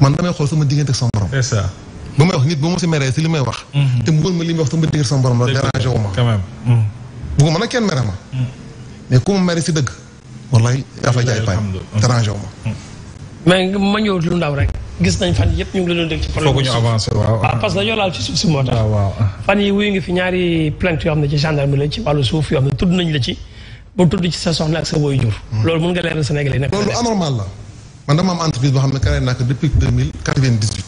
man damay xool sama diggante ak sama borom. c'est may wax nit ba ma si meree si li may wax. Mhm. te mu wóor ma li may wax sama diggante ak sama borom la dérangé wu ma. quand même. Mhm. bëgguma nag kenn mere ma. Mhm. mais ku ma mere si dëgg. wallaay yaa fa jaay paay dérangé mais ma ñëw lu ndaw rek. gis nañ fan yëpp ñu ngi leen dégg ci problème ñu avancé ah, waaw parce que dañoo laal ci suuf moo tax. Ah, fan yi wuyu ngi fi ñaari plainte yoo xam ne ci gendarmerie la ci wàllu suuf yoo ne tudd nañ la ci ba tudd ci sa soxna ak sa woy man dama am entreprise boo xam ne créé naa ko depuis deux mille quatre-vingt-dix-huit.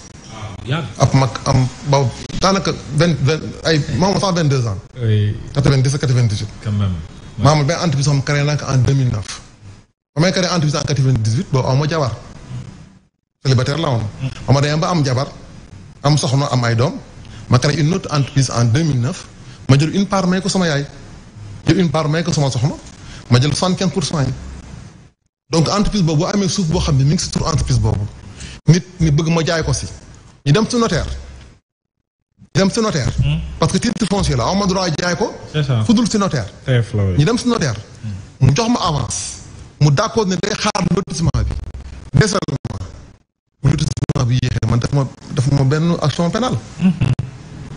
Ah, ab mag am ba daanaka vingt vingt ay maamul sax vingt deux ans. oui quatre-vingt-dix quatre-vingt-dix-huit. quand même. maamul benn entreprise boo xam ne créé naa ko en deux mille neuf. ba may créé entreprise en ma mm. am ay doom ma créé une autre en deux mille neuf ma jël une part may ko sama yaay jël une part may ko sama soxna ma jël soixante-quinze pour cent donc entreprise boobu boo amee suuf boo xam ne mi ngi si tur entreprise boobu nit ni bëgg ma jaay ko si ñu dem si notaire ñu dem si notaire. Hmm. parce que titre foncier la ma droit jaay ko. fudul si notaire. ñu dem si notaire. Hmm. mu jox ma avance mu d' accord ne day xaar lotissement bi desal ma bi yéexee man daf ma daf ma benn action pénale. Hmm.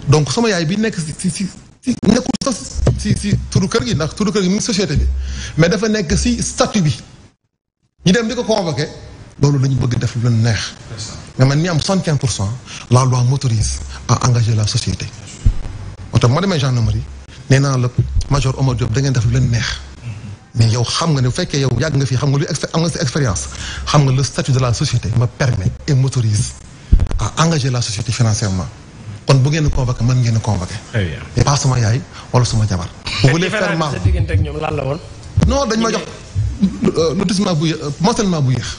donc sama yaay bi nekk si si si nekkul si si turu kër gi ndax turu kër gi mu ngi société bi mais dafa nekk si statut bi. ñu dem di ko convoqué loolu la bëgg def lu neex. mais man mi am 75 pour cent la loi m'autorise à engager la société. moo tax ma demee gendarmerie la major Omar da ngeen def lu leen neex. mais yow xam nga ne bu fekkee yow yàgg nga fi xam nga lu am nga sa expérience xam nga le statut de la société me permet et m'autorise engager la société financièrement. kon bu ngeen convoqué mën ngeen convoqué. mais pas sama yaay wala sama jabar. bu la woon. non dañ jox. Euh, lotissement bu yë euh, morcellement bu yéex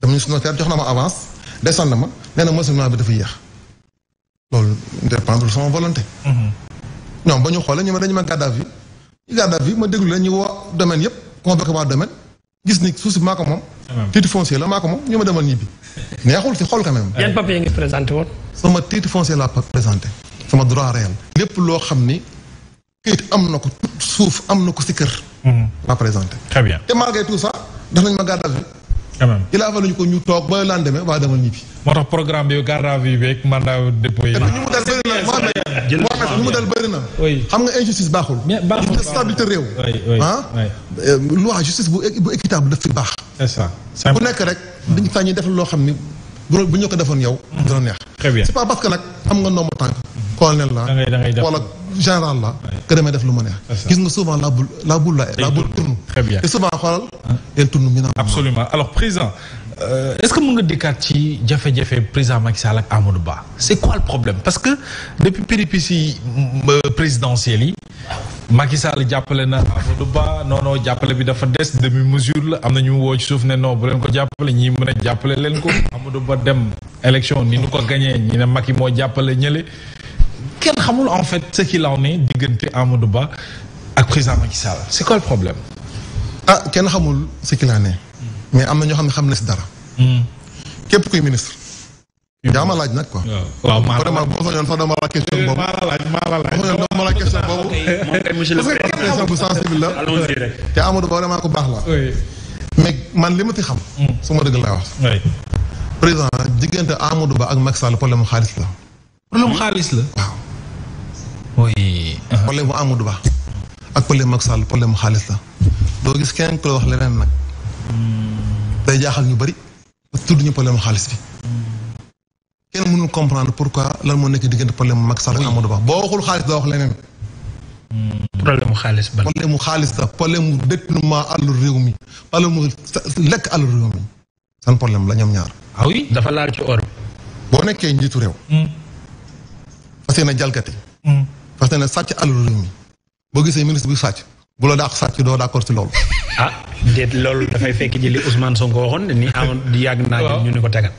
dama ñu su notaire jox na ma avance descend ma nee na morcellement bi dafa yéex loolu dépendre sama volonté. ñoom mhm. ba ñu xoolee ñu ma dañu ma garde à vue ñu garde à vue ma déglu la ñu woo domaine yëpp convoqué waa domaine gis ni suuf ah la maa ko moom ñu ma demal ñibbi. neexul si xool quand même. yan foncier laa présenté. sama droit réel. lépp loo xam ni kayit am na ko suuf am na ko si kër. ma mm-hmm. présenté. très bien te malgré tout ça daf nañ ma garde à vue. quand même il a fallu ñu ko ñu toog ba lendemain waa demal ñibbi. moo tax programme bi garde à vue beeg mandat dépôt na moo tax ñu mu dal bëri na. xam nga injustice baaxul. baaxul stabilité réew. ah euh, loi justice bu bu équitable daf fi baax. bu nekk rek. dañu tax ñu def loo xam ni bu bu ñu ko defoon yow. dana neex. très bien c'est pas parce que nag am nga nombre tànk. Mm-hmm. colonel la wala. général la que damay def lu ma neex. gis nga souvent la boule la boule la la boule tourne. très bien te souvent xoolal. day tourne mi absolument alors président euh, est-ce que mën nga dikkaat ci jafe-jafe président Macky Sall ak Amadou Ba c'est quoi le parce que depuis péripéties euh, présidentielles yi. Macky Sall jàppale na Amadou Ba non non jàppale bi dafa des demi mesure la am na ñu woo ci suuf ne non bu leen ko jàppale ñi mën a jàppale leen ko Amadou Ba dem élection ni nu ko gañee ñi ne Macky moo jàppale ñële. kenn xamul en fait ce qu'il en est diggante Amadou Ba ah, kenn xamul ce mais am na ñoo xam ne xam na si dara. Hmm. képp kuy ministre. Hmm. yaa ma laaj nag quoi. waaw eh, maa la laaj vraiment maa la ah, bu baax la. mais man li ma ti xam. Hmm. su ma dëgg laa wax. président diggante Amadou Ba ak Macky Sall problème xaalis la. problème xaalis la oui. Uh-huh. problème mu Amadou Ba. ak problème mu Macky Sall problème mu xaalis la. doo gis kenn ku la wax leneen nag. Hmm. day jaaxal ñu bari. tudd ñu problème mu xaalis bi. Hmm. kenn mënul comprendre pourquoi lan moo nekk diggante problème mu Macky Sall ak Amadou Ba boo waxul xaalis doo wax leneen. Hmm. problème mu xaalis ban. problème mu xaalis la problème mu détournement àllu réew mi problème mu lekk àllu réew mi seen problème la ñoom ñaar. ah oui dafa laal ci or. boo nekkee njiitu réew. fas yéene jalgati. parce que ne sàcc alalu réew mi boo gisee ministre bi sàcc bu la dàq sàcc doo d'accord ci loolu. ah déet loolu dafay fekk ji li Ousmane Sonko waxoon ni Amadou di yàgg naa jël ñu ko tegal.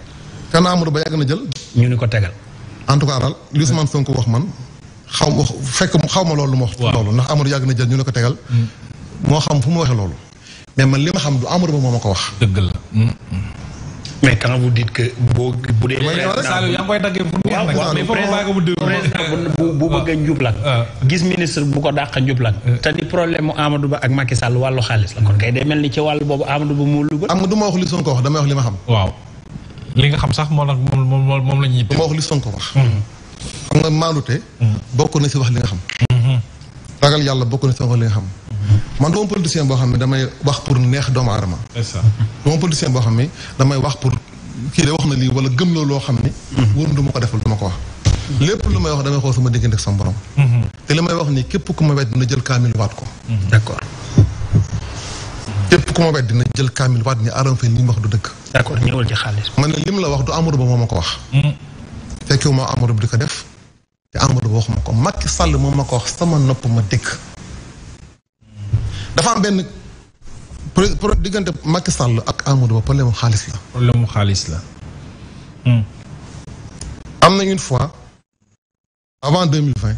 kan Amadou ba yàgg na jël. ñu ni ko tegal. en tout cas daal li Ousmane Sonko wax man xaw ma fekk xaw ma loolu ma wax. loolu ndax Amadou yàgg na jël ñu ni ko tegal. Mm. moo xam fu mu waxee loolu. mais man li ma xam du Amadou ba moo ma ko wax. la. Mm, mm. mais quand vous dites que boo bu dee. bu bu ah. bëgg a njublan ah. gis ministre bu ko dàq njublan ah. te ni problème mu Amadou Ba ak Macky Sall wàllu xaalis la kon kay day mel ni ci wàllu boobu Amadou Ba moo lugal. am nga du ma wax li Sonko wax damay wax li ma xam. waaw li nga xam sax moo la moom moom la ñuy. du ma wax li Sonko wax. Mm-hmm. xam nga maanute. Mm-hmm. bokk na si wax li nga xam. Mm-hmm. ragal yàlla bokk na si wax li nga xam. man du ma politicien boo xam ne damay wax pour neex doomu aadama. c'est ça ma politicien boo xam ne damay wax pour kii de wax na lii wala gëm la loo xam ne. wóor ma ko defal du ma ko wax. lépp lu may wax damay xool sama diggante ak sama borom. Mhm. te wax nii képp ku ma wet dina jël kaamil waat ko. Mhm. d'accord. képp ku ma wet dina jël kaamil waat ni Arame Faye li mu lim la wax du Amadou Ba moo ma ko wax. fekkewu mhm. ma Amadou di ko def te Amadou Ba waxuma ko Macky Sall moo ma ko wax sama nopp ma dégg. dafa am benn pro diggante Macky Sall ak Amadou Ba problème mu xaalis la. xaalis la. Hmm. am na une fois avant deux mille vingt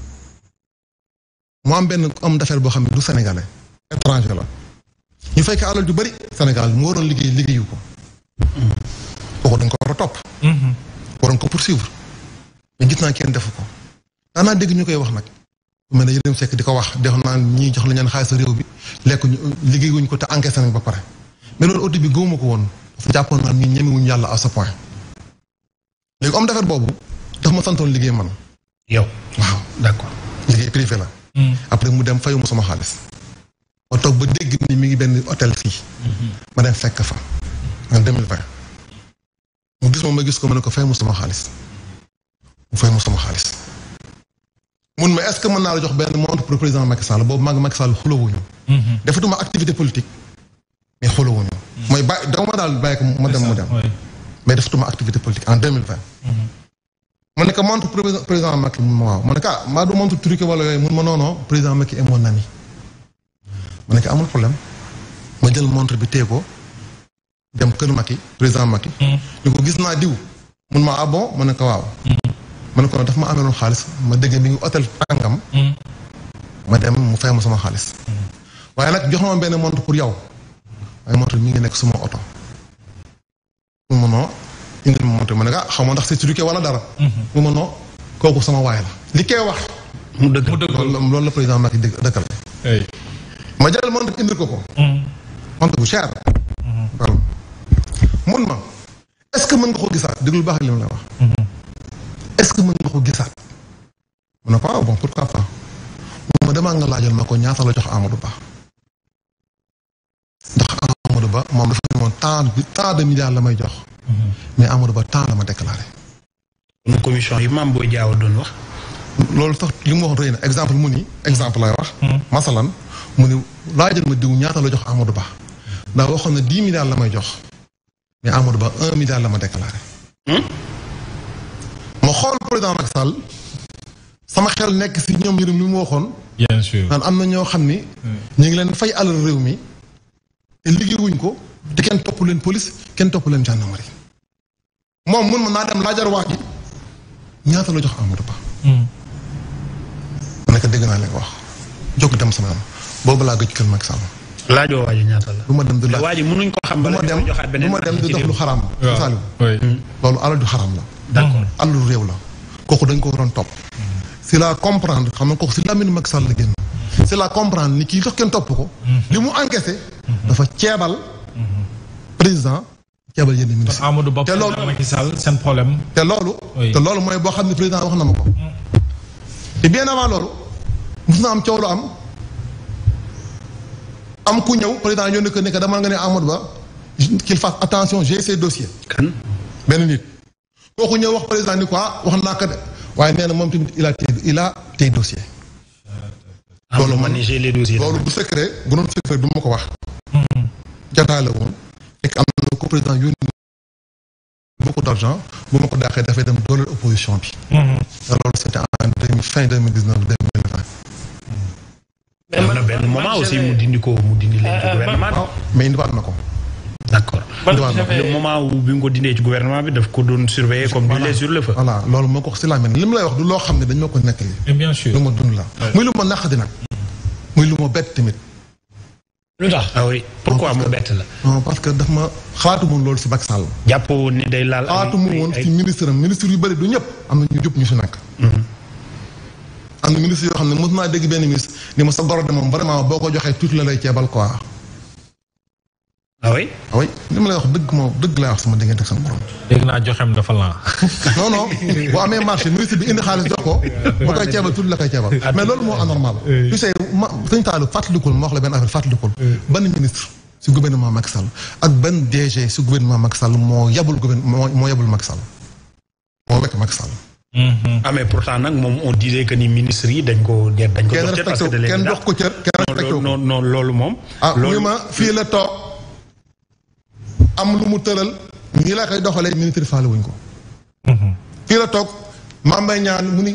mu am benn homme d'affaires boo xam ne du sénégalais étranger la ñu fekk alal ju bari Sénégal mu waroon liggéey liggéeyu ko. Hmm. kooku dañ ko war a topp. Hmm. waroon ko poursuivre mais gis naa kenn defu ko daanaa dégg ñu koy wax nag. mel ne Yérim Seck di ko wax def naan ñii jox la ñaan xaalis réew bi lekk ñu liggéeyuñ ko te encaissé nañ ba pare mais loolu au début ko woon parce que jàppoon naa ñi ñemewuñ yàlla à ce point léegi homme d'affaires boobu daf ma santoon liggéey man yow waaw d'accord liggéey privé la hmm. après mu dem fayu ma sama xaalis ma ba dégg ni mi ngi fii hmm. ma dem fekk fa en 2020 mu gis moom ma gis ko ma ne ko fay mu sama xaalis mu fay mu sama xaalis mun ma est-ce que mën naa la jox benn montre pour président Macky Sall boobu maa ngi Macky Sall xulawuñu. Mhm. defatuma activité politique mais xulawuñu. Mhm. mooy ba dama daal bàyyi ko mu dem mu dem. mais defatuma activité politique en deux mille vingt. Mhm. mu ne amul problème ma jël montre bi téye dem kër Macky président Macky. ni ko gis naa diw mun ma ah mu ne waaw. man kon daf ma amee woon xaalis ma dégg mi ngi hôtel tàngam. Hmm. ma dem mu fay ma sama xaalis. Hmm. waaye nag jox ma benn montre pour yow. waaye mu mënoo indi ma montre ma ne ah xaw ma ndax c'est truqué wala dara. Hmm. mu mënoo kooku sama la. li wax. mu dëgg loolu la ma jël ma est-ce que mën nga ko wax. est-ce que mën nga ko gisaat mu ne ko waaw ah bon pourquoi pas mu ma demal nga laajal ma ko ñaata la jox Amadou Ba ndax Amadou Ba moom dafa ne moom tant tant de milliards la may jox mm-hmm. mais Amadou Ba tant la ma déclaré. mu yi maam booy jaaw doon wax. loolu sax li mu wax rëy na exemple mu ni exemple lay wax. Mm-hmm. masalan laajal ma diw ñaata la jox Amadou Ba ndax waxoon na dix milliards la may jox mais Amadou Ba un milliard la ma déclaré. Hmm? ma xool président Macky Sall sama xel nekk si ñoom yërëm li mu waxoon. bien sûr naan am na ñoo xam ni. Hmm. ñu ngi leen fay alal réew mi te liggéeyuñ ko te kenn topp leen police kenn topp leen gendarmerie moom mun ma naa dem laajar waa ji ñaata la jox Amadou Ba. Hmm. ma ne ko dégg naa leen wax jóg dem sama am boobu laa gëj kër Macky Sall. laajoo waa ji ñaata la. du ma dem du laaj waa ji la joxaat ma dem du dox lu xaraam. waaw loolu alal ju xaram la. d'accord alalu réew la. kooku dañ ko waroon topp. c'est la comprendre xam nga kooku si Lamine Macky Sall la génn. c'est la comprendre ni kii jox kenn topp ko. Mhm. li mu encaissé. Mhm. dafa ceebal. Mhm. président ceebal yenn ministre. te Amadou Ba te loolu Macky Sall te loolu. mooy boo xam ne président wax na ma ko. te bien avant loolu. mos na am coow am. am ku ñëw président yónni ko ne dama nga ne Amadou Ba qu'il fasse attention j'ai ces dossiers. benn nit kooku ñëw wax président ni quoi ah, wax naa ko de waaye nee moom tamit il a tey il a tey dossier. Ah, loolu man loolu bu secret bu secret du ma ko wax. jataale woon fekk am na ko président yónni beaucoup d' argent bu ma ko daaxee dafay dem dooleel opposition bi. Mm-hmm. loolu c' était mais man euh, euh, na ko. d'accord le moment où bi nga ko dindee ci gouvernement bi daf ko doon surveiller comme du lait sur le feu. voilà loolu moo ko si laa mel lu ma dund la. muy lu ma naqadi nag. muy lu ma bett tamit. lu tax ah que daf ma xalaatu moon loolu si Macky Sall. jàppoo woon ni day laal. xalaatu ma ministre ministre yu bëri du ñëpp am na ñu jub ñu si nekk. Mhm. am na ministre yoo xam ne mos naa dégg benn ministre ni ma sa goro de moom vraiment boo ko joxee tuuti la lay ceebal quoi. ah oui. ah oui ma lay wax dëgg moo dëgg laa wax sama diggante ak sama borom. dégg naa joxem dafa lan. non non boo amee marché ministre bi indi xaalis jox ko. bu koy ceebal tudd la koy ceebal. mais loolu moo ma sëñ Tallou fàttalikul ma wax la benn affaire fàttalikul. ban ministre si mm-hmm. ah mais ni ministre yi da leen di dàq kenn dox ko cër kenn ah, ma fii la toog. am lu mu tëral nii laa koy doxalee ministre faale wuñ ko. Mhm. fii la toog Mame Mbaye Niang mu ni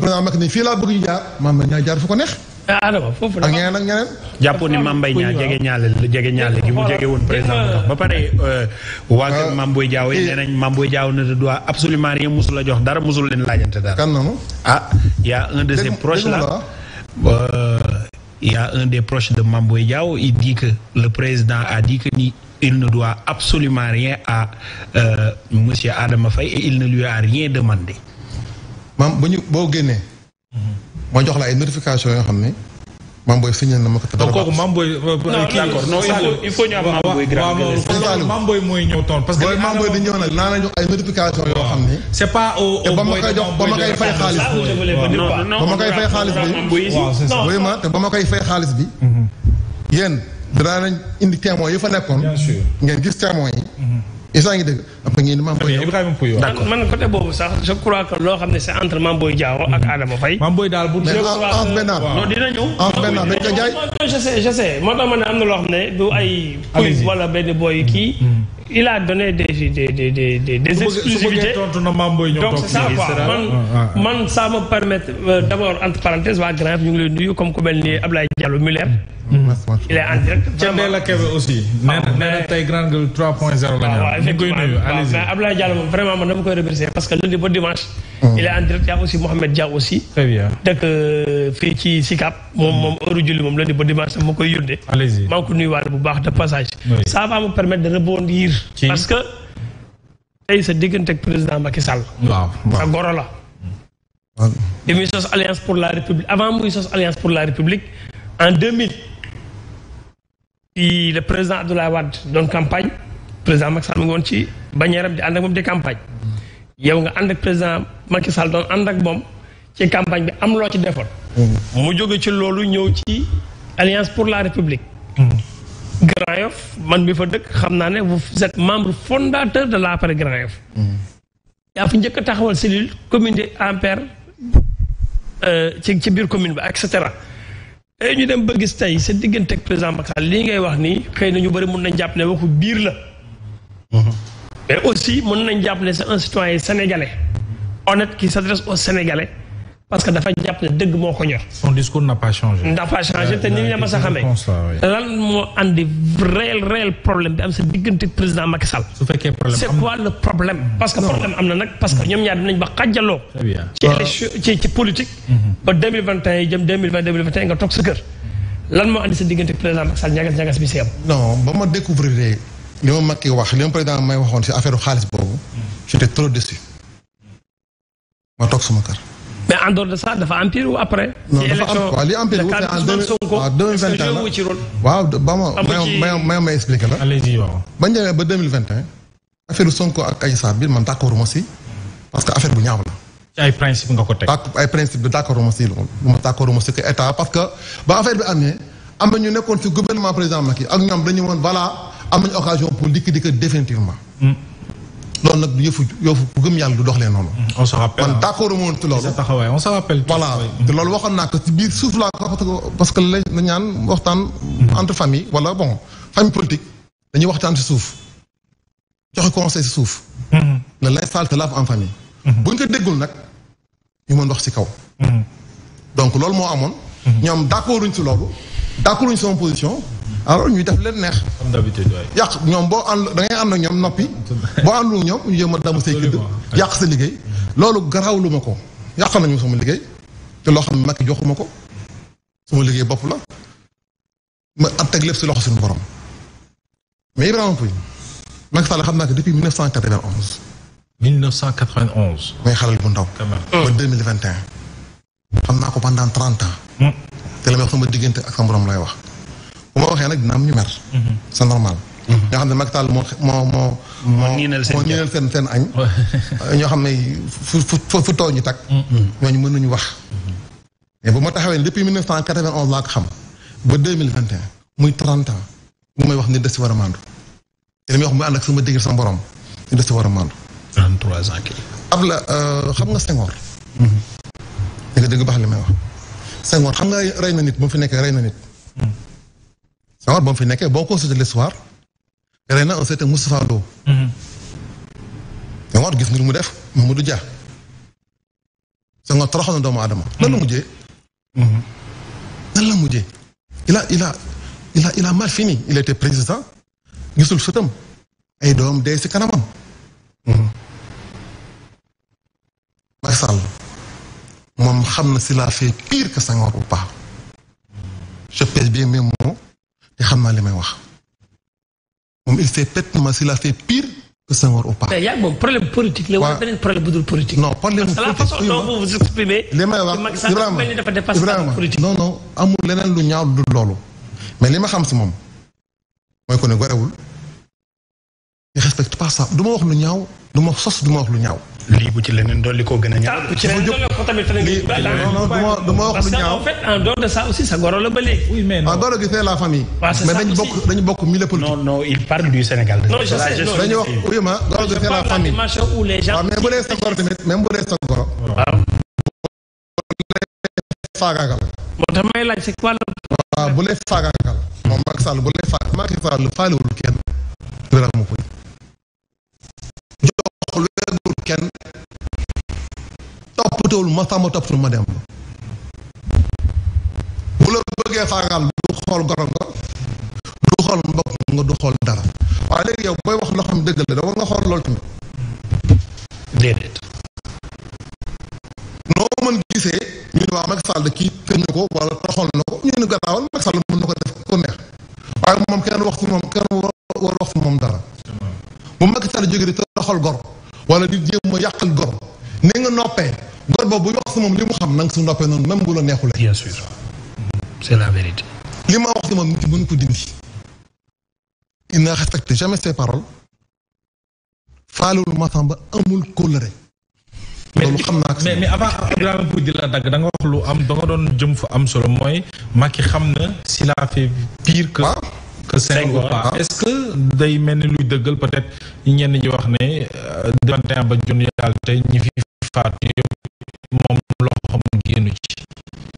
ma Macky ni fii laa bëgg ñu jaar Mame Mbaye Niang jaar fu ko neex. Adama ah, ah, foofu la ak ñeneen ak ñeneen. jàppoon ni Mame Mbaye Niang jege ñaale jege ñaale mu jege woon président ba pare euh, waa kër euh, Mame Boye Diao yi nee nañ Mame Boye Diao ne doit absolument rien mosul a jox dara musul leen laajante dara. kan nanu ah y' a un de ses proches là euh, y' a un des proches de Mame Boye Diao il dit le président a dit que il ne doit absolument rien à euh, monsieur Adama il ne lui a rien demandé. maam bu ñu boo génnee. moo jox la ay notification yoo xam ne. maam booy signé na ma ko. que maam booy di jox yoo xam ne. c'est pas au ba ma koy fay xaalis bi. ba ma koy fay xaalis bi. waaw c'est te ba ma koy fay xaalis bi. yéen. danaa nañ indi témoins yi fa nekkoon. bien sûr ngeen gis témoins yi. isa mhm. ngi dëgg après ngeen Mame Boye. Ibrahima Pouye man côté boobu sax je crois que loo xam ne c'est entre Mame Boye Diao ak Adama Faye. Mame Boye daal bu dina ñëw. en benn dañ ko jaay je moo tax ma ne am na loo xam ne du ay. police wala benn boy kii. Mhm. il a donné des des des des des, des exclusivités donc c'est ça quoi man ah, ah, ah. man ça me permet euh, d'abord entre parenthèses waa Grand ñu ngi leen nuyu comme ku mel ni Ablaye Diallo Muller. Mm. Mm. Mm. il est en direct. Thiendella Kébé aussi. nee na nee na tey Grand Gueule 3.0 la ñu. waaw effectivement waaw mais Ablaye Diallo moom vraiment man dama koy remercier parce que lundi ba dimanche. il est en direct il a aussi Mouhamed Dia aussi. très bien dëkk euh, fii ci SICAP. moom moom heure julli moom lundi ba dimanche moo koy yónnee. allez-y maa ngi ko bu baax de passage. ça va me permettre de rebondir. parce que tey sa diggante ak président Macky Sall. waaw sa goro la. bi muy sos alliance pour la république avant muy sos alliance pour la république en 2000. le président Abdoulaye Wade doon campagne président Macky Sall mu ngi woon ci bannière am di ànd ak moom di campagne. yow nga ànd ak président Macky Sall doon ànd ak moom ci campagne bi am loo ci defoon. mu jóge ci loolu ñëw ci alliance pour la république. Grand Yoff man bi fa dëkk xam naa ne vous êtes membre fondateur de l'APR Grand Yoff. yaa fi njëkk a taxawal cellule commune de APR euh, ci ci biir commune bi et cetera. tey ñu dem ba gis tey sa diggante ak président Macky Sall lii ngay wax nii xëy nañu ñu bëri mun na jàpp ne waxu biir la. mais aussi mën nañ jàpp ne c'est un citoyen sénégalais honnête qui s'adresse aux Sénégalais parce que dafa jàpp dëgg moo ko ñor. son discours n'a pas changé. n'a pas changé euh, te ni ñu la ma sa xamee. Euh, lan moo andi réel réel problème bi am sa diggante président Macky su fekkee problème c'est quoi le problème. parce que problème am na nag parce que ñoom ñaar dinañ ba xàjjaloo. ci élection ci ci politique. Mhm. ba deux mille vingt et un jëm deux mille vingt deux mille nga toog sa kër. lan moo andi sa diggante président Macky Sall li ma Macky wax li ma may waxoon si affaire xaalis boobu. Hmm. j'étais trop déçu. ma toog sama de ça dafa empire ou après. ci élection li ba ma ba deux mille vingt un. affaire Sonko ak ay Sarr bi man d' accord ma si. parce que affaire bu ñaaw la. ci ay ko teg. ay principe bi d' accord ma si loolu. ma d' accord ma si parce que ba affaire bi amee am na ñu nekkoon si gouvernement président Macky ak ñoom dañu woon voilà. am nañu occasion pour liquider que définitivement. Mm. loolu nag du yëfu yëfu gëm yàlla du doxalee noonu. Mm. on se rappelle man d' accord mu woon ci loolu. on se rappelle voilà te loolu waxoon naa ko ci biir suuf laa ko parce que la ñaan waxtaan. Mm. entre famille wala bon famille politique dañuy waxtaan ci suuf joxe conseil ci suuf. Mm-hmm. la lay salte laaf en famille. Mm-hmm. bu ñu ko déggul nag ñu mën wax si kaw. Mm-hmm. donc loolu moo amoon. ñoom d' accord uñ ci loolu d' accord uñ sama position. alors ñuy def leen neex. comme d'habitude yàq ñoom boo ànd da ngay ànd ak ñoom noppi. boo àndul ñoom ñu jéem a damm say këdd yàq sa liggéey. loolu garaawlu ma ko. yàq nañu sama liggéey te loo xam ne nag joxuma ko sama liggéey bopp la ma at teg lépp si loxo suñu borom mais Ibrahima Pouye Macky Sall xam naa ko depuis 1991. 1991. mooy xalal bu ndaw. ba 2021. xam naa ko pendant 30 ans. Hmm. te la may wax sama diggante ak sama borom lay wax. bu ma waxee nag dina am ñu mer. Mhm. c'est normal. ñoo mhm. xam ne Macky Sall moo moo moo. moo niinal seen moo niinal añ. Euh, ñoo xam ne fu fu fu ñu tag. Mhm. ñooñu mën nañu wax. bu ma taxawee depuis 1991 laa ko xam ba 2021 muy 30 mu may wax ni des si war a maandu te li may wax muy ànd ak sama dégg sama borom ni des si war a maandu. 33 ans euh, xam nga Senghor. dëgg dëgg baax li may wax Senghor xam nga rey na nit bu mu fi nekk rey na nit. Senghor ba mu fi nekkee boo ko seetee l'histoire créé na un certain Moustapha Lo. Mhm. Senghor gis nga lu mu def Mamadou Dia. Senghor toroxal na doomu aadama. lan la mhm. mujjee. Mhm. lan la mujjee. il a il a mal fini il était président gisul sëtam ay doom dee si kanamam. Macky moom xam na s'il a fait pire que Senghor ou pas je pèse xam naa li may wax moom il fait pertinemment s'il a fait pire que Senghor ou pas. mais yaa moom problème politique la. wala bu dul politique. non problème politique la façon dont li may wax Ibrahima Ibrahima non non amul leneen lu ñaaw lu loolu. mais li ma xam si moom mooy ko ne gorewul du ma wax lu ñaaw du ma sos du ma wax lu ñaaw. lii bu ci leneen dolli koo gën a ñaaw. Ah, bu ci lii non non wax lu ñaaw parce sa goro la ba léegi. oui mais non en dehors de c'est la famille. mais dañu bokk dañu bokk milieu politique. du Sénégal. dañu wax oui ma dehors de c'est la famille. mais bu dee sa goro tamit même bu dee sa goro. waaw. faagaagal. moo tax may laaj c'est quoi la. waaw bu lay faagaagal. moom Macky Sall bu lay faag Macky Sall faalewul kenn. dëgg la mu koy. kenn toppatoowul ma sàmm toppatoo ma dem bu la bëggee faagaal du xool gorom nga du xool mbokk nga du xool dara waaye léegi yow booy wax loo xam dëgg la da war nga xool loolu tamit déedéet noo mën gisee ñu waa Macky Sall da tëj na ko wala toxal na ko ñu ne gannaawal Macky Sall mën na ko def ku neex waaye moom kenn wax ci moom kenn war wax ci moom dara bu Macky Sall jógee di toxal gor wala di jéem ma yàqal gor ni nga noppee gor moom li mu xam na nga si noppee noonu même bu la neexulee. bien sûr c'est la ma wax si moom nit ki mën ko dindi. il ne respecte jamais ses paroles. faalewul xam naa mais mais avant Ibrahima di la dagg da wax lu am da doon jëm fu am solo mooy Macky xam ne s'il a fait pire que. que Senghor est-ce que day mel ni luy dëggal peut-être ñenn ñi wax ne de ba jun yàlla te ñi fi faatu yëpp moom loxoom génnu ci.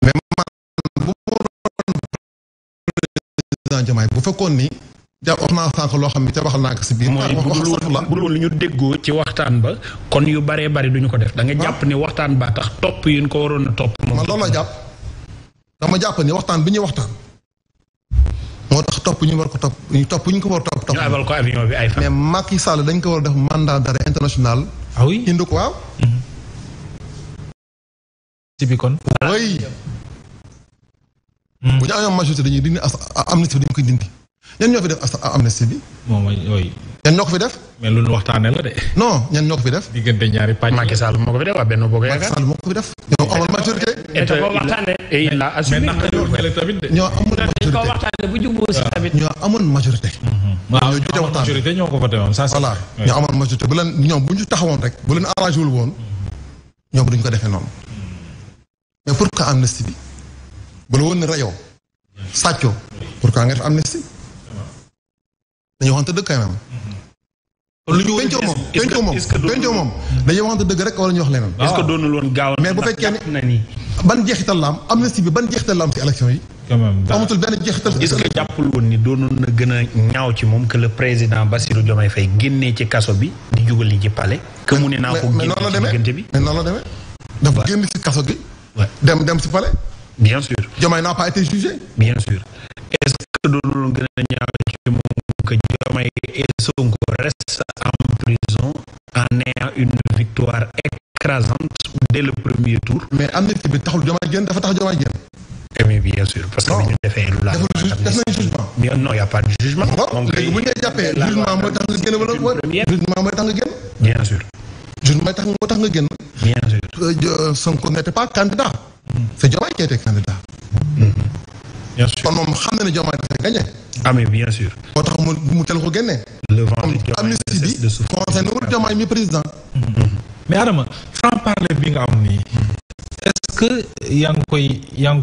mais bu président Diomaye bu fekkoon ni. wax naa sànq loo xam ne ca waxal naa ko si biir. mooy bu dul lu ñu déggoo ci waxtaan ba kon yu baree bari duñu ko def. da ah. jàpp ni waxtaan baa tax topp yi ñu ko waroon a topp. man loolu la jàpp dama jàpp ni waxtaan bi ñuy waxtaan. topp ñu war ko topp ñu topp ñu ko war topp. ñu abal ko avion bi ay fan. dañ ko war a def mandat d'arrêt international. ah oui indi ko waaw. Mm-hmm. ci mm-hmm. bu ñu amoon majorité dañuy dindi as amnistie bi dañu koy dindi. la de. non ñan ñoo ko fi def. diggante ñaari pàcc. Macky Sall moo ko fi def waa benn boo ko yaakaar. Macky Sall moo a assumé mais ko waxtaanee bu jubóo si tamit. ñoo amul majorité. Mhm. ñoo amul majorité ñoo ko fa teewoon ça voilà ñoo amul ñoom bu ñu taxawoon rek. bu leen arrangé woon. ñoom duñ ko defee noonu. mais pour que amnistie bi. bu la woon ne rayoo. sàccoo pour que nga def dañuy waxante dëgg lu ñu pencoo moom pencoo moom pencoo moom dañuy waxante dëgg rek wala ñu wax leneen. est-ce gaaw mais bu fekkee ne ban jeexital la am bi ban jeexital la am ci élection yi. quand même amatul benn jeexital. est-ce que jàppul woon ni doonoon na gën a ñaaw ci moom que le président Bassirou Diomaye Faye génnee ci kaso bi di jugal li ci palais. que mu ne naa ko génne ci diggante bi mais noonu la demee dafa génn ci kaso gi. dem dem ci palais. bien sûr Diomaye n'a pas été jugé. bien sûr est-ce que gën a ñaaw ci moom que Diomaye et Sonko restent en prison en ayant une victoire écrasante dès le premier tour. mais amnistie bi taxul Diomaye génn dafa tax Diomaye génn. eh bien bien sûr parce que. ñu defee lu la jugement. non y' a pas de jugement. donc léegi bu ñu lay jàppee jugement mooy tax nga génn wala wala jugement mooy tax nga génn. bien sûr. jugement tax moo tax nga génn. bien sûr. Euh, Sonko n'était pas candidat. Mm. c'est Diomaye qui était candidat. Mm. bien sûr kon moom xam na ne Diomaye dafa gagné. ah mais bien sûr. moo tax mu mu ko génne. le vent de Diomaye amnistie bi concerne wul Diomaye mi président. mais Adama franc parler bi nga am nii. est-ce que yaa koy yaa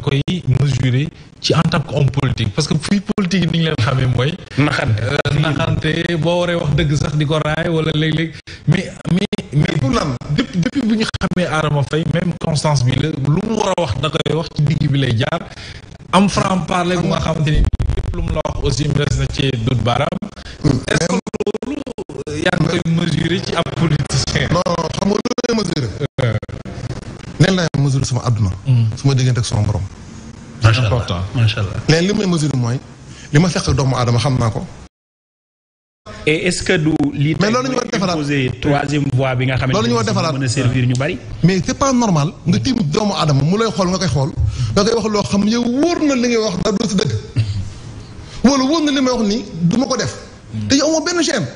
ci en tant qu'homme politique parce que fii politique yi ni ñu leen xamee mooy. naxante euh, naxante boo waree wax dëgg sax di ko raay wala léeg-léeg mais mais. mais pour lan depuis depuis bu ñu xamee Adama Faye même constance bi la lu mu war a wax da wax ci digg bi lay jaar am franc parler bu nga xamante ni lépp lu la wax na ci dut baaraam. est-ce que loolu euh, yaa ngi koy mesurer ci ab politicien. non xam loolu lay mesurer. neen euh. laay mesurer sama àdduna. Hmm. su ma diggante ak sama borom. macha allah li may mesurer mooy li ma seq doomu aadama xam naa ko. et est-ce que du lii. mais loolu ñu war defaraat bi nga xamante ne a servir ñu bari. mais c'est pas normal nga tiim doomu aadama mu lay xool nga koy xool nga koy wax loo xam yow wóor na li ngay wax daal doo si dëgg wala wóor na li may wax nii du ko def. te yow amoo benn chaîne.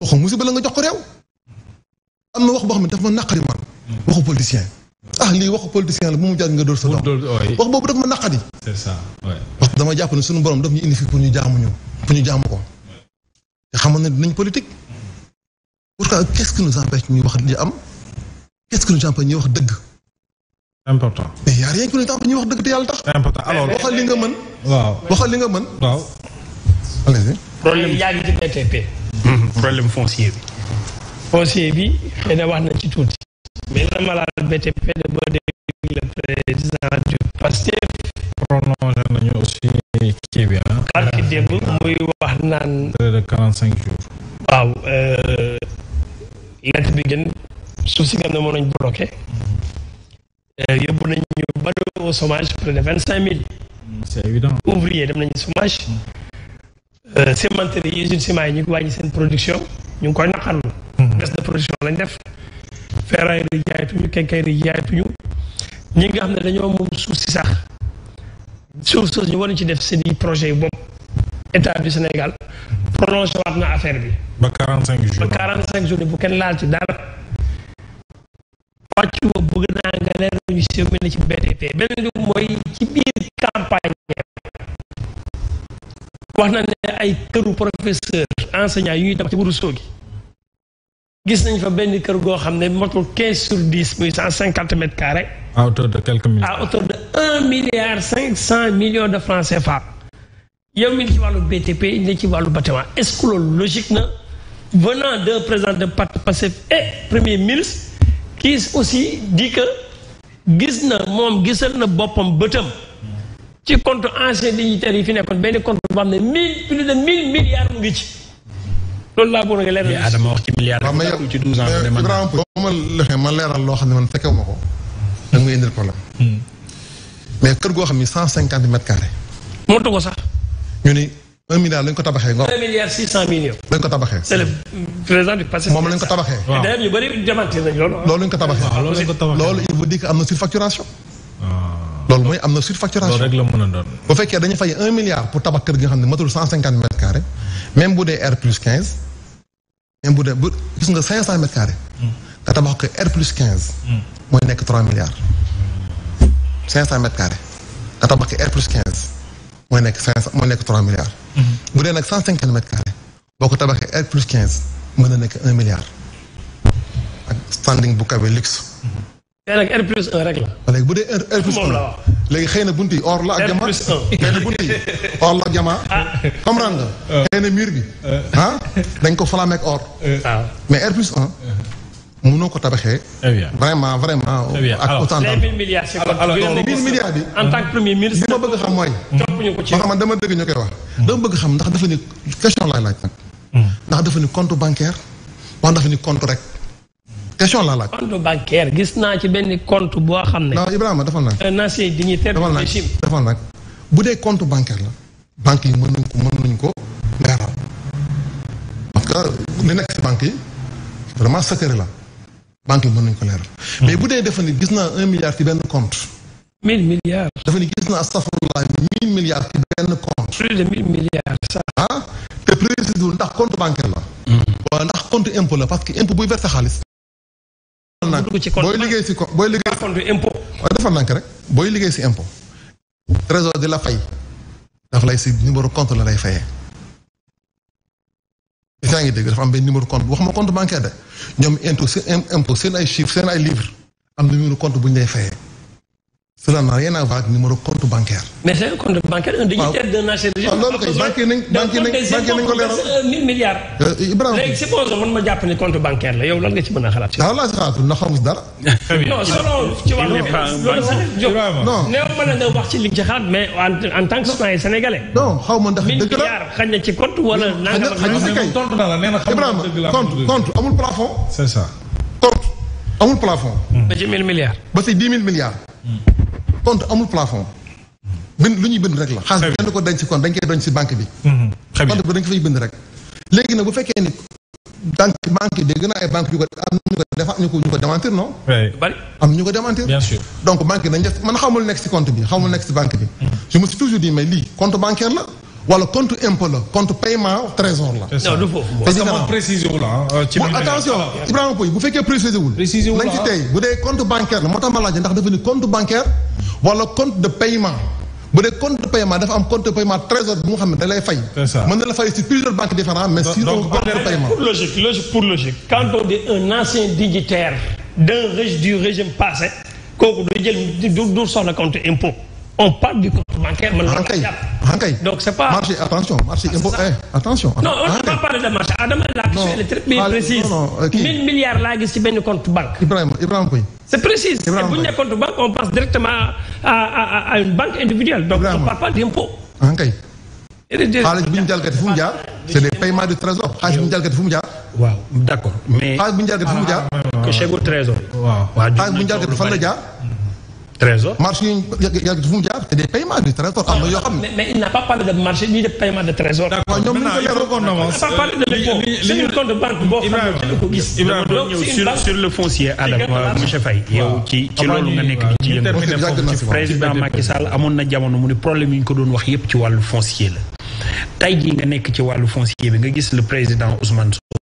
waxu musiba la nga jox ko réew. am na wax boo xam ne dafa ma naqari man. waxu politicien. ah lii waxu politicien la bu mu jàng nga dóor sa doom oh, wax boobu dafa ma naqari. c'est ça dama jàpp ne suñu borom daf ñu indi fi pour ñu jaamu ñu pour ñu ko. te xamoon na dinañ politique pourquoi qu'est-ce qui nous empêche ñuy wax li am qu'est-ce qui nous empêche ñuy wax dëgg. important mais y a rien qui ñuy wax dëgg te yàlla tax. important alors waxal li nga mën. waaw li nga mën. waaw. allez problème yaa ngi ci hmm, foncier bi. foncier bi xëy na wax na ci tuuti. mais la BTP de boo dégg le président du Pastef. prolongé nañu aussi kii bi ah. muy wax naan. près de quarante cinq jours. Euh, bi gën suuf si nga xam ne moom lañ bloqué euh, yóbbu nañ ñu bari au chômage près de vingt cinq mille. Mm, c'est évident ouvrier dem nañu chômage. Mm. Euh, cimenterie yi usine ciment yi ñu ngi wàññi seen production ñu ngi koy naqarlu. baisse mm. de production lañ def. ferraille yi jaayatuñu quincaillerie yi jaayatuñu ñi nga xam ne dañoo moom suuf sax suuf soosu ñu war ci def seen i projets yi bopp. état du Sénégal prolongé waat na affaire bi. ba quarante cinq jours ba quarante cinq jours bu kenn laal ci dara. wàcc boobu bëgg naa nga leer ñu si mel ci BTP beneen mooy ci biir campagne wax na ne ay këru professeur enseignant yu ñuy tabax ci Ourossogui gi gis nañ fa benn kër goo xam ne motul quinze sur dix muy cent cinquante mètres carrés. à hauteur de quelques milliards milliard cinq de francs CFA. yow mi ci wàllu BTP ne ci wàllu bâtiment est-ce que loolu logique na venant d'un président de parti Pastef et premier ministre qui aussi dit que gis na moom gisal na boppam bëtam ci compte ancien dignitaires yi fi nekkoon benn compte boo xam ne mille plus de milliards mu ngi ci loolu laa bëggoon nga leeral. wax ci milliards. waaw mais yow ci douze ans man ma loo xam ne man fekkewu ko. da nga may problème. Hmm. mais kër goo xam ne cent cinquante mètres carrés. moo tax sax. ñu ni un milliard lañ ko tabaxee. un milliard six cent ko tabaxee. c'est le président du moom lañ ko tabaxee. waaw d'ailleurs ñu bëri démentir nañ loolu. loolu lañ ko tabaxee. waaw loolu lañ ko tabaxee il veut dire am na surfacturation. Ah. loolu mooy am na surfacturation. loolu rek la mën a doon. bu fekkee dañu fay un milliard pour tabax kër gi nga xam ne matul cent cinquante mètres carrés même bu dee R plus quinze. même bu dee bu gis nga cinq cent mètres carrés. Hmm. nga tabax ko R plus quinze. Hmm. mooy nekk trois milliards. cinq cent mètres carrés. nga tabax ko R plus quinze. mooy nekk cinq cent mooy nekk trois milliards. Mhm. bu dee nag cent cinquante mètres carrés boo ko tabaxee R plus quinze mën un milliard standing bu kawe luxe. Mhm. tey plus un rek la. léegi plus un léegi xëy na bunt or la ak jamaa. R plus un xëy na bi ah. ah dañ ko flamé ak or. Ah. mais plus un. Ah. mënoo ko tabaxee. Eh vraiment vraiment. Eh ak autant les mille milliards bi bëgg xam mooy. Mm. toppuñu dama dëgg ñu koy wax. Mm. bëgg xam ndax dafa ni question laay laaj nag. Mm. ndax dafa ni compte bancaire wala dafa ni compte rek. question laa laaj. compte naa ci benn compte boo xam ne. non Ibrahima dafa nag. un ancien dignitaire du régime. dafa nag bu dee compte bancaire la. banque yi mën nañ ko mën ko ngaaral. parce que li nekk si banque yi vraiment secret la. banque yi mën nañu ko leeral. Hmm. mais bu dee dafa ni gis naa un milliard ci benn compte. mille milliards. dafa gis naa astafurlah mille milliards ci benn compte. plus de mille milliards sax. ah te précise ndax compte bancaire la. Hmm. wala ndax compte impôt la parce que impôt buy verser xaalis. booy liggéey si booy liggéey compte impôt. waaye dafa nànk rek booy liggéey si impo trésor di la fay. daf lay si numéro compte la lay fayee. yaa ngi dégg dafa am benn numéro compte waxuma compte bancaire de ñoom impôt seen impôt seen ay chiffres seen ay livres am numéro compte bu ñu lay fayee. cela n'a rien à voir ak compte bancaire. mais c'est un compte bancaire un ah. dignitaire d'un HLM. Ah, waaw loolu kay banquier nañ banquier nañ banquier euh, ma jàpp ne compte bancaire la yow lan nga ci mën a xalaat. Ah, waaw ma la nga wax ci li ci mais en tant que a sénégalais. non xaw ma ndax dëgg la mille milliards na ci compte wala. naa nga xañ na si kay tontu na la nee na xamul ba ci mille milliards. compte amul plafond. bind lu ñuy bind rek la. xaalis bi ko denc compte dañ koy denc si banque bi. Mhm. compte bi dañ ko fay bind rek. léegi nag bu fekkee ni banque banque yi dégg ay banque yu ko am ñu ko dafa am bari am ñu ko démentir. bien sûr donc banque yi dañ def man xamul nekk si compte bi xamul nekk si banque bi. Mhm. je me toujours dit mais lii compte bancaire la. wala compte impôt la compte paiement trésor la. non foofu parce que moom précision bu attention Ibrahima Pouy bu fekkee précisé wul. précisé wul nañ ci tey bu dee compte bancaire la moo tax ma laaj ndax dafa ni compte bancaire wala compte de paiement. bu dee compte de paiement dafa am compte de paiement trésor bu nga xam ne da lay fay. mën na la fay sur plusieurs banques différentes mais sur un compte de paiement. pour logique pour logique. quand on un ancien dignitaire. d'un régime du kooku du jël du du soxla compte impôt. on parle du compte bancaire man. hankay donc c'est pas. marché attention marché impôt attention. non on ne peut pas parler de marché Adama la question elle est très bien précise. non milliards laa gis ci compte banque. Ibrahima Ibrahima Pouy. c'est précis compte banque on passe directement à une banque individuelle. donc on ne pas d'impôt. hankay. xaalis bu jalgati fu mu jaar c'est des paiements de trésor xaalis bu ñu jalgati fu mu jaar. waaw jalgati fu mu trésor marché yi yàgg fu mu jaar te des paiements du trésor am na yoo xam ne. mais n'a pas parlé marché ni de paiement de trésor. sur le foncier Adama monsieur Faye yow ci ci loolu nga nekk di ci yëngu ci président Macky Sall amoon na jamono mu ne problème yi ñu ko doon wax yépp ci wàllu foncier la. tey jii nga nekk ci wàllu foncier bi nga gis le président Ousmane